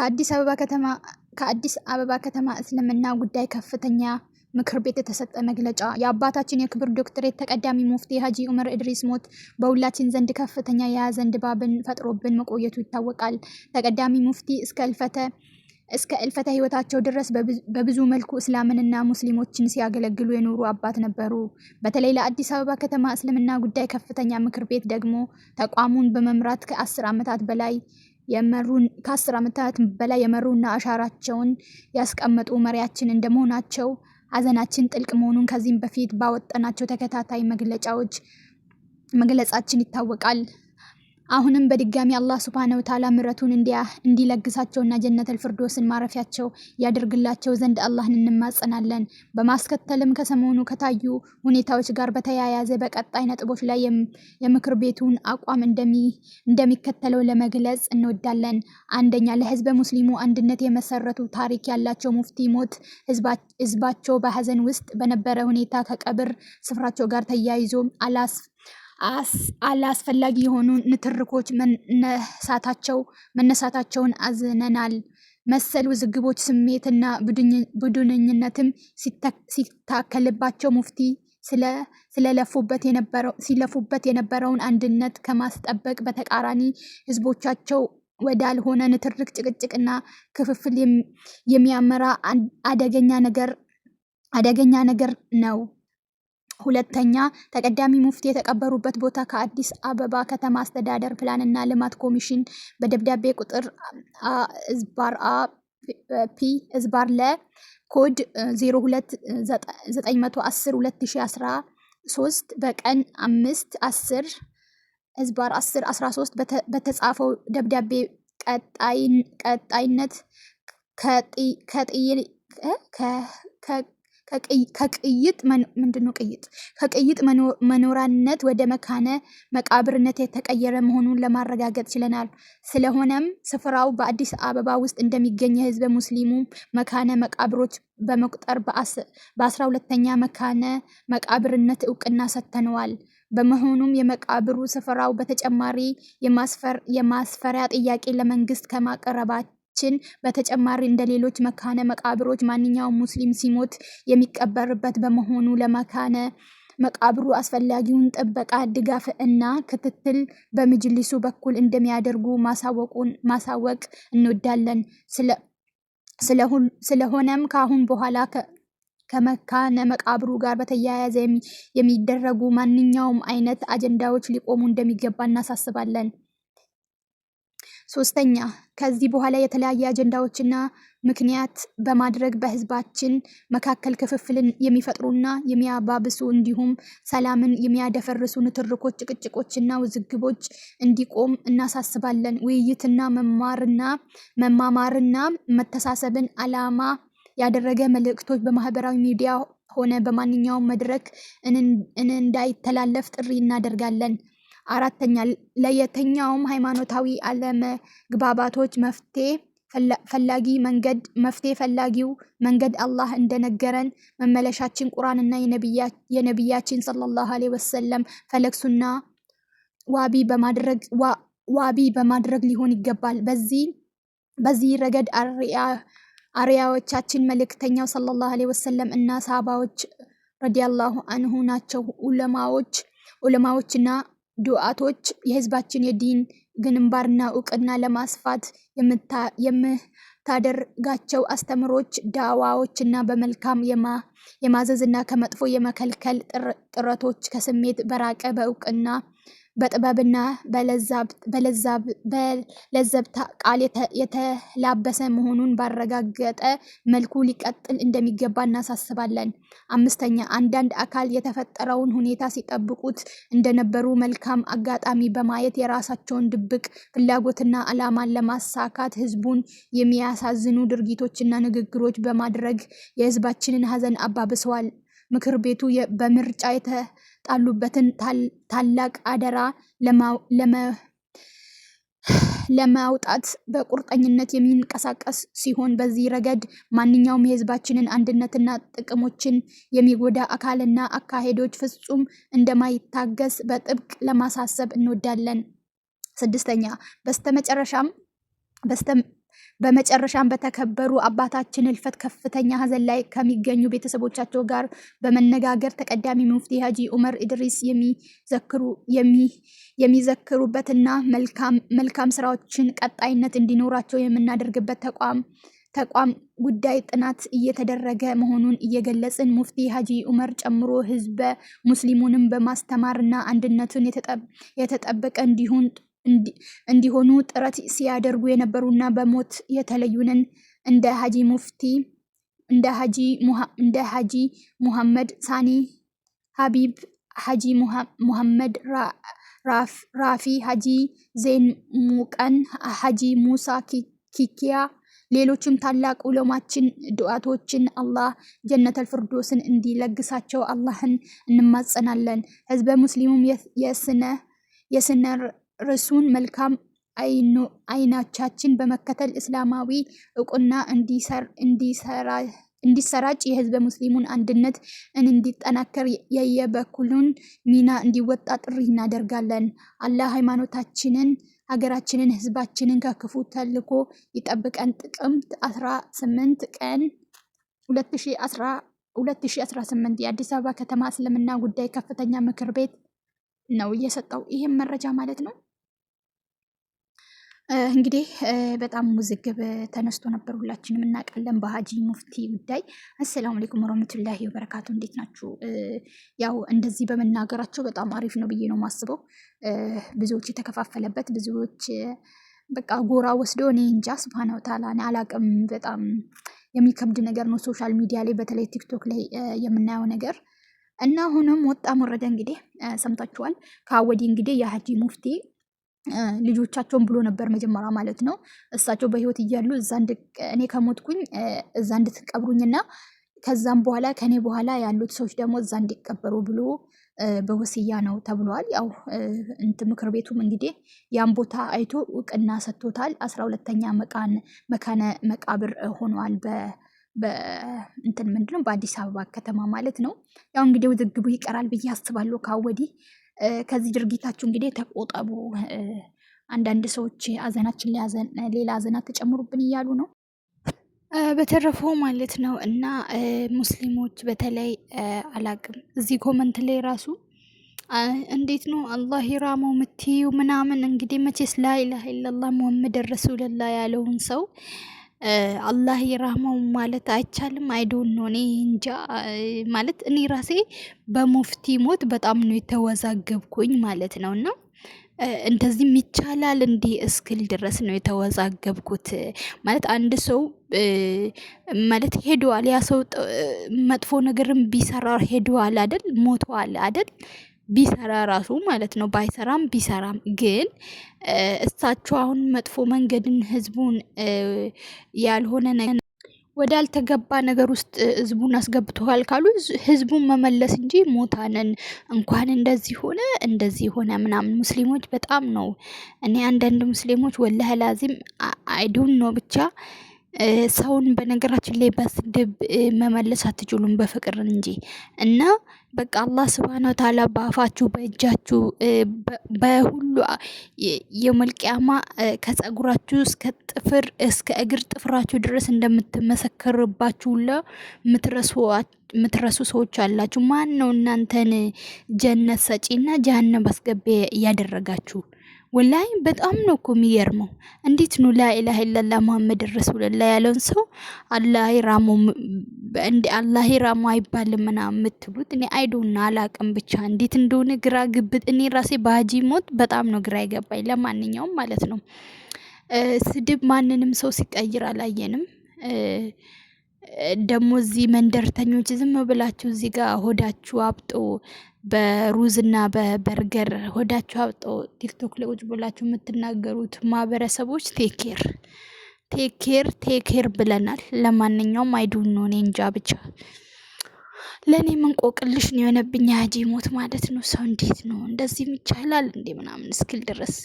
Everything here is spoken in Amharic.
ከአዲስ አበባ ከተማ ከአዲስ አበባ ከተማ እስልምና ጉዳይ ከፍተኛ ምክር ቤት የተሰጠ መግለጫ የአባታችን የክብር ዶክትሬት ተቀዳሚ ሙፍቲ ሀጂ ዑመር እድሪስ ሞት በሁላችን ዘንድ ከፍተኛ የሐዘን ድባብን ፈጥሮብን መቆየቱ ይታወቃል። ተቀዳሚ ሙፍቲ እስከ እልፈተ እስከ እልፈተ ህይወታቸው ድረስ በብዙ መልኩ እስላምንና ሙስሊሞችን ሲያገለግሉ የኖሩ አባት ነበሩ። በተለይ ለአዲስ አበባ ከተማ እስልምና ጉዳይ ከፍተኛ ምክር ቤት ደግሞ ተቋሙን በመምራት ከአስር ዓመታት በላይ የመሩ ከአስር ዓመታት በላይ የመሩና አሻራቸውን ያስቀመጡ መሪያችን እንደመሆናቸው ሀዘናችን ጥልቅ መሆኑን ከዚህም በፊት ባወጣናቸው ተከታታይ መግለጫዎች መግለጻችን ይታወቃል። አሁንም በድጋሚ አላህ ስብሐነ ወተዓላ እንዲያ እንዲለግሳቸውና ጀነተል ፊርደውስን ማረፊያቸው ያደርግላቸው ዘንድ አላህን እንማጸናለን። በማስከተልም ከሰሞኑ ከታዩ ሁኔታዎች ጋር በተያያዘ በቀጣይ ነጥቦች ላይ የምክር ቤቱን አቋም እንደሚከተለው ለመግለጽ እንወዳለን። አንደኛ፣ ለህዝበ ሙስሊሙ አንድነት የመሰረቱ ታሪክ ያላቸው ሙፍቲ ሞት ህዝባቸው በሀዘን ውስጥ በነበረ ሁኔታ ከቀብር ስፍራቸው ጋር ተያይዞ አላስ አላስፈላጊ የሆኑ ንትርኮች መነሳታቸውን አዝነናል። መሰል ውዝግቦች ስሜትና ቡድንኝነትም ሲታከልባቸው ሙፍቲ ሲለፉበት የነበረውን አንድነት ከማስጠበቅ በተቃራኒ ህዝቦቻቸው ወዳልሆነ ንትርክ፣ ጭቅጭቅና ክፍፍል የሚያመራ አደገኛ ነገር ነው። ሁለተኛ ተቀዳሚ ሙፍቲ የተቀበሩበት ቦታ ከአዲስ አበባ ከተማ አስተዳደር ፕላንና ልማት ኮሚሽን በደብዳቤ ቁጥር እዝባር አ ፒ እዝባር ለ ኮድ 029102013 በቀን 5 10 እዝባር 10 13 በተጻፈው ደብዳቤ ቀጣይነት ከጥይ ከቅይጥ ምንድነው ቅይጥ ከቅይጥ መኖራነት ወደ መካነ መቃብርነት የተቀየረ መሆኑን ለማረጋገጥ ችለናል። ስለሆነም ስፍራው በአዲስ አበባ ውስጥ እንደሚገኝ የህዝበ ሙስሊሙ መካነ መቃብሮች በመቁጠር በአስራ ሁለተኛ መካነ መቃብርነት እውቅና ሰጥተነዋል። በመሆኑም የመቃብሩ ስፍራው በተጨማሪ የማስፈሪያ ጥያቄ ለመንግስት ከማቀረባቸው ችን በተጨማሪ እንደ ሌሎች መካነ መቃብሮች ማንኛውም ሙስሊም ሲሞት የሚቀበርበት በመሆኑ ለመካነ መቃብሩ አስፈላጊውን ጥበቃ፣ ድጋፍ እና ክትትል በምጅሊሱ በኩል እንደሚያደርጉ ማሳወቅ እንወዳለን። ስለሆነም ከአሁን በኋላ ከመካነ መቃብሩ ጋር በተያያዘ የሚደረጉ ማንኛውም አይነት አጀንዳዎች ሊቆሙ እንደሚገባ እናሳስባለን። ሶስተኛ ከዚህ በኋላ የተለያየ አጀንዳዎችና ምክንያት በማድረግ በህዝባችን መካከል ክፍፍልን የሚፈጥሩና የሚያባብሱ እንዲሁም ሰላምን የሚያደፈርሱ ንትርኮች፣ ጭቅጭቆችና ውዝግቦች እንዲቆም እናሳስባለን። ውይይትና መማርና መማማርና መተሳሰብን አላማ ያደረገ መልእክቶች በማህበራዊ ሚዲያ ሆነ በማንኛውም መድረክ እንዳይተላለፍ ጥሪ እናደርጋለን። አራተኛ ለየትኛውም ሃይማኖታዊ አለመግባባቶች መፍትሄ ፈላጊ መንገድ መፍትሄ ፈላጊው መንገድ አላህ እንደነገረን መመለሻችን ቁርአንና የነቢያችን ሰለላሁ ዐለይሂ ወሰለም ፈለግ ሱና ዋቢ በማድረግ ዋቢ በማድረግ ሊሆን ይገባል። በዚህ ረገድ አርያዎቻችን መልእክተኛው ሰለላሁ ዐለይሂ ወሰለም እና ሰሃባዎች ረዲየላሁ አንሁ ናቸው። ዑለማዎችና ዱዓቶች የህዝባችን የዲን ግንባርና እውቅና ለማስፋት የምታደርጋቸው አስተምሮች፣ ዳዋዎችና በመልካም የማዘዝና ከመጥፎ የመከልከል ጥረቶች ከስሜት በራቀ በእውቅና በጥበብና በለዘብታ ቃል የተላበሰ መሆኑን ባረጋገጠ መልኩ ሊቀጥል እንደሚገባ እናሳስባለን። አምስተኛ አንዳንድ አካል የተፈጠረውን ሁኔታ ሲጠብቁት እንደነበሩ መልካም አጋጣሚ በማየት የራሳቸውን ድብቅ ፍላጎትና ዓላማን ለማሳካት ህዝቡን የሚያሳዝኑ ድርጊቶችና ንግግሮች በማድረግ የህዝባችንን ሀዘን አባብሰዋል። ምክር ቤቱ በምርጫ የተጣሉበትን ታላቅ አደራ ለማውጣት በቁርጠኝነት የሚንቀሳቀስ ሲሆን በዚህ ረገድ ማንኛውም የሕዝባችንን አንድነትና ጥቅሞችን የሚጎዳ አካልና አካሄዶች ፍጹም እንደማይታገስ በጥብቅ ለማሳሰብ እንወዳለን። ስድስተኛ በስተመጨረሻም በመጨረሻም በተከበሩ አባታችን እልፈት ከፍተኛ ሀዘን ላይ ከሚገኙ ቤተሰቦቻቸው ጋር በመነጋገር ተቀዳሚ ሙፍቲ ሀጂ ኡመር ኢድሪስ የሚዘክሩበትና መልካም ስራዎችን ቀጣይነት እንዲኖራቸው የምናደርግበት ተቋም ተቋም ጉዳይ ጥናት እየተደረገ መሆኑን እየገለጽን ሙፍቲ ሀጂ ኡመር ጨምሮ ህዝበ ሙስሊሙንም በማስተማርና አንድነቱን የተጠበቀ እንዲሁን እንዲሆኑ ጥረት ሲያደርጉ የነበሩና በሞት የተለዩንን እንደ ሀጂ ሙፍቲ እንደ ሀጂ ሙሐመድ ሳኒ ሀቢብ፣ ሀጂ ሙሐመድ ራፊ፣ ሀጂ ዘይን ሙቀን፣ ሀጂ ሙሳ ኪኪያ ሌሎችም ታላቅ ዑለማችን ዱዓቶችን አላህ ጀነተል ፍርዶስን እንዲለግሳቸው አላህን እንማጸናለን። ህዝበ ሙስሊሙም የስነ ርዕሱን መልካም አይኖቻችን በመከተል እስላማዊ እውቅና እንዲሰራጭ የህዝበ ሙስሊሙን አንድነት እንዲጠናከር የየበኩሉን ሚና እንዲወጣ ጥሪ እናደርጋለን። አላህ ሃይማኖታችንን፣ ሀገራችንን፣ ህዝባችንን ከክፉ ተልኮ ይጠብቀን። ጥቅምት 18 ቀን 2018 የአዲስ አበባ ከተማ እስልምና ጉዳይ ከፍተኛ ምክር ቤት ነው እየሰጠው ይህም መረጃ ማለት ነው። እንግዲህ በጣም ውዝግብ ተነስቶ ነበር። ሁላችንም እናውቃለን በሀጂ ሙፍቲ ጉዳይ። አሰላሙ አለይኩም ወረህመቱላሂ ወበረካቱ። እንዴት ናችሁ? ያው እንደዚህ በመናገራቸው በጣም አሪፍ ነው ብዬ ነው የማስበው። ብዙዎች የተከፋፈለበት ብዙዎች በቃ ጎራ ወስዶ እኔ እንጃ ስብሃነ ወተዓላ አላቅም። በጣም የሚከብድ ነገር ነው ሶሻል ሚዲያ ላይ በተለይ ቲክቶክ ላይ የምናየው ነገር እና ሆኖም ወጣ ወረደ እንግዲህ ሰምታችኋል። ከአወዲ እንግዲህ የሀጂ ሙፍቲ ልጆቻቸውን ብሎ ነበር መጀመሪያ ማለት ነው። እሳቸው በህይወት እያሉ እዛ እኔ ከሞትኩኝ እዛ እንድትቀብሩኝና ከዛም በኋላ ከኔ በኋላ ያሉት ሰዎች ደግሞ እዛ እንዲቀበሩ ብሎ በወስያ ነው ተብሏል። ያው እንትን ምክር ቤቱም እንግዲህ ያን ቦታ አይቶ እውቅና ሰጥቶታል። አስራ ሁለተኛ መቃን መካነ መቃብር ሆኗል። በእንትን ምንድነው በአዲስ አበባ ከተማ ማለት ነው። ያው እንግዲህ ውዝግቡ ይቀራል ብዬ አስባለሁ ካወዲህ ከዚህ ድርጊታችሁ እንግዲህ ተቆጠቡ። አንዳንድ ሰዎች አዘናችን ሌላ አዘና ተጨምሩብን እያሉ ነው። በተረፈው ማለት ነው እና ሙስሊሞች በተለይ አላቅም እዚህ ኮመንት ላይ ራሱ እንዴት ነው አላህ ይራመው ምትዩ ምናምን እንግዲህ መቼስ ላኢላሃ ኢለላህ ሙሐመድ ረሱልላህ ያለውን ሰው አላህ ይራህመው ማለት አይቻልም። አይዶን ነው እኔ እንጃ ማለት እኔ ራሴ በሙፍቲ ሞት በጣም ነው የተወዛገብኩኝ ማለት ነው እና እንደዚህም ይቻላል እንዲህ እስክል ድረስ ነው የተወዛገብኩት። ማለት አንድ ሰው ማለት ሄደዋል፣ ያ ሰው መጥፎ ነገርም ቢሰራ ሄደዋል አደል፣ ሞተዋል አደል ቢሰራ ራሱ ማለት ነው። ባይሰራም ቢሰራም ግን እሳቸው አሁን መጥፎ መንገድን ህዝቡን ያልሆነ ነገር አልተገባ ነገር ውስጥ ህዝቡን አስገብተዋል ካሉ ህዝቡን መመለስ እንጂ ሞታንን እንኳን እንደዚህ ሆነ እንደዚህ ሆነ ምናምን ሙስሊሞች በጣም ነው። እኔ አንዳንድ ሙስሊሞች ወላሂ ላዚም አይዱን ነው ብቻ ሰውን በነገራችን ላይ በስድብ መመለስ አትችሉም፣ በፍቅር እንጂ እና በቃ አላህ ስብሃነ ወተዓላ በአፋችሁ በእጃችሁ በሁሉ የመልቅያማ ከጸጉራችሁ እስከ ጥፍር እስከ እግር ጥፍራችሁ ድረስ እንደምትመሰከርባችሁ ላ ምትረሱ ሰዎች አላችሁ። ማን ነው እናንተን ጀነት ሰጪና ጀሀነም አስገቢ እያደረጋችሁ? ወላይ በጣም ነው እኮ የሚገርመው። እንዴት ነው ላኢላህ ኢላላ መሐመድ ረሱልላ ያለውን ሰው አላህ ራሞ እንደ አላህ ራሞ አይባልም ምናምን የምትሉት እኔ አይዶና አላቅም። ብቻ እንዴት እንደሆነ ግራ ግብጥ። እኔ ራሴ በሀጂ ሞት በጣም ነው ግራ ይገባኝ። ለማንኛውም ማለት ነው ስድብ ማንንም ሰው ሲቀይር አላየንም። ደግሞ እዚህ መንደርተኞች ዝም ብላችሁ እዚህ ጋር ሆዳችሁ አብጦ በሩዝ በሩዝና በበርገር ሆዳችሁ አብጦ ቲክቶክ ላይ ቁጭ ብላችሁ የምትናገሩት ማህበረሰቦች ቴኬር ቴኬር ቴኬር ብለናል። ለማንኛውም አይዱን ነው እኔ እንጃ ብቻ ለእኔ እንቆቅልሽ ነው የሆነብኝ። ያጂ ሞት ማለት ነው። ሰው እንዴት ነው እንደዚህም ይቻላል እንዴ ምናምን እስክል ድረስ